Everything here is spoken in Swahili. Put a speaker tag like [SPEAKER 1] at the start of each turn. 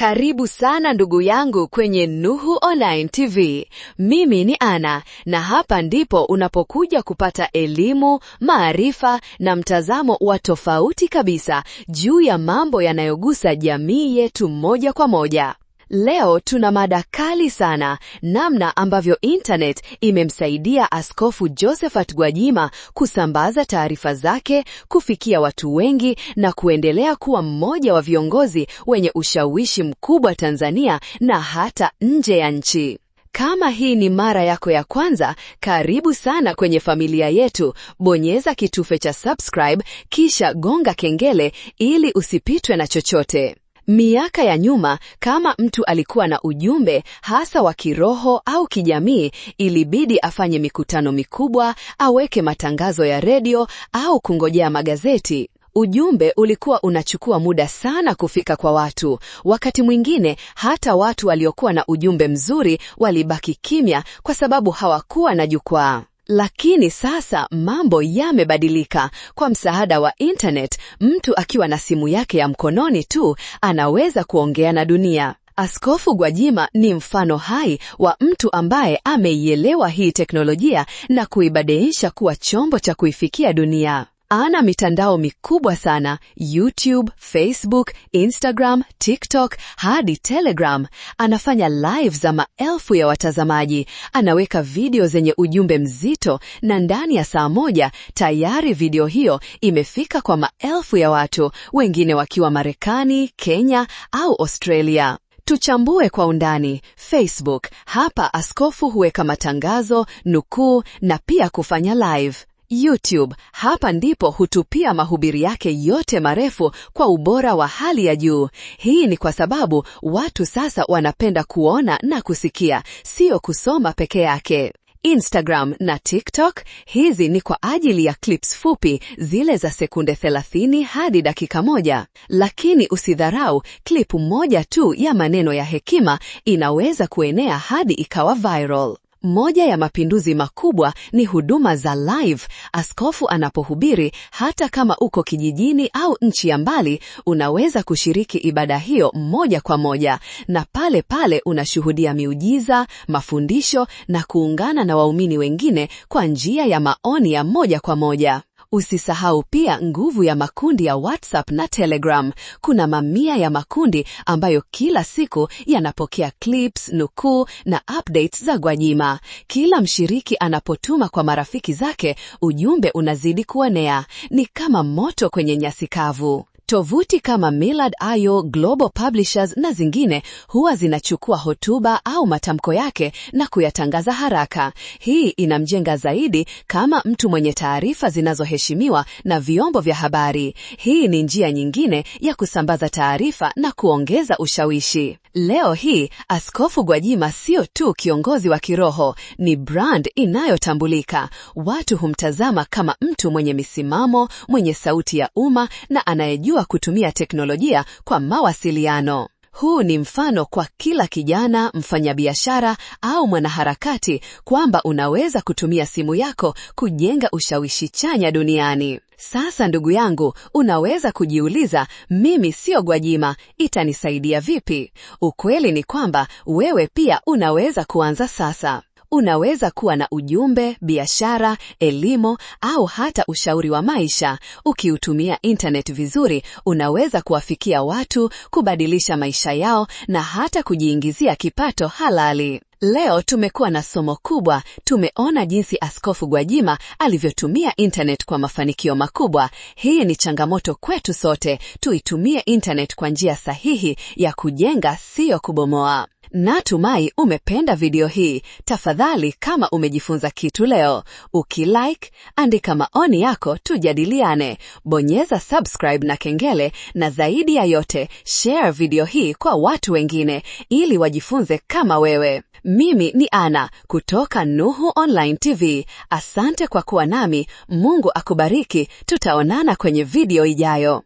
[SPEAKER 1] Karibu sana ndugu yangu kwenye Nuhu Online TV. Mimi ni Ana na hapa ndipo unapokuja kupata elimu, maarifa na mtazamo wa tofauti kabisa juu ya mambo yanayogusa jamii yetu moja kwa moja. Leo tuna mada kali sana, namna ambavyo internet imemsaidia Askofu Josephat Gwajima kusambaza taarifa zake, kufikia watu wengi na kuendelea kuwa mmoja wa viongozi wenye ushawishi mkubwa Tanzania na hata nje ya nchi. Kama hii ni mara yako ya kwanza, karibu sana kwenye familia yetu. Bonyeza kitufe cha subscribe kisha gonga kengele ili usipitwe na chochote. Miaka ya nyuma, kama mtu alikuwa na ujumbe hasa wa kiroho au kijamii, ilibidi afanye mikutano mikubwa, aweke matangazo ya redio au kungojea magazeti. Ujumbe ulikuwa unachukua muda sana kufika kwa watu. Wakati mwingine hata watu waliokuwa na ujumbe mzuri walibaki kimya kwa sababu hawakuwa na jukwaa. Lakini sasa mambo yamebadilika. Kwa msaada wa internet, mtu akiwa na simu yake ya mkononi tu anaweza kuongea na dunia. Askofu Gwajima ni mfano hai wa mtu ambaye ameielewa hii teknolojia na kuibadilisha kuwa chombo cha kuifikia dunia ana mitandao mikubwa sana YouTube, Facebook, Instagram, TikTok hadi Telegram. Anafanya live za maelfu ya watazamaji, anaweka video zenye ujumbe mzito, na ndani ya saa moja tayari video hiyo imefika kwa maelfu ya watu, wengine wakiwa Marekani, Kenya au Australia. Tuchambue kwa undani Facebook. Hapa askofu huweka matangazo, nukuu na pia kufanya live. YouTube, hapa ndipo hutupia mahubiri yake yote marefu kwa ubora wa hali ya juu. Hii ni kwa sababu watu sasa wanapenda kuona na kusikia, sio kusoma peke yake. Instagram na TikTok, hizi ni kwa ajili ya clips fupi, zile za sekunde 30 hadi dakika moja. Lakini usidharau, klipu moja tu ya maneno ya hekima inaweza kuenea hadi ikawa viral. Moja ya mapinduzi makubwa ni huduma za live. Askofu anapohubiri, hata kama uko kijijini au nchi ya mbali, unaweza kushiriki ibada hiyo moja kwa moja, na pale pale unashuhudia miujiza, mafundisho na kuungana na waumini wengine kwa njia ya maoni ya moja kwa moja. Usisahau pia nguvu ya makundi ya WhatsApp na Telegram. Kuna mamia ya makundi ambayo kila siku yanapokea clips, nukuu na updates za Gwajima. Kila mshiriki anapotuma kwa marafiki zake, ujumbe unazidi kuenea, ni kama moto kwenye nyasi kavu. Tovuti kama Ayo, Global Publishers na zingine huwa zinachukua hotuba au matamko yake na kuyatangaza haraka. Hii inamjenga zaidi kama mtu mwenye taarifa zinazoheshimiwa na vyombo vya habari. Hii ni njia nyingine ya kusambaza taarifa na kuongeza ushawishi. Leo hii Askofu Gwajima sio tu kiongozi wa kiroho, ni brand inayotambulika. Watu humtazama kama mtu mwenye misimamo, mwenye sauti ya umma na anayejua kutumia teknolojia kwa mawasiliano. Huu ni mfano kwa kila kijana, mfanyabiashara au mwanaharakati kwamba unaweza kutumia simu yako kujenga ushawishi chanya duniani. Sasa ndugu yangu, unaweza kujiuliza, mimi sio Gwajima, itanisaidia vipi? Ukweli ni kwamba wewe pia unaweza kuanza sasa. Unaweza kuwa na ujumbe, biashara, elimu au hata ushauri wa maisha. Ukiutumia internet vizuri, unaweza kuwafikia watu, kubadilisha maisha yao na hata kujiingizia kipato halali. Leo tumekuwa na somo kubwa. Tumeona jinsi Askofu Gwajima alivyotumia internet kwa mafanikio makubwa. Hii ni changamoto kwetu sote, tuitumie internet kwa njia sahihi ya kujenga, siyo kubomoa. Natumai umependa video hii. Tafadhali, kama umejifunza kitu leo, ukilike, andika maoni yako, tujadiliane, bonyeza subscribe na kengele, na zaidi ya yote, share video hii kwa watu wengine ili wajifunze kama wewe. Mimi ni Ana kutoka Nuhu Online TV. Asante kwa kuwa nami. Mungu akubariki. Tutaonana kwenye video ijayo.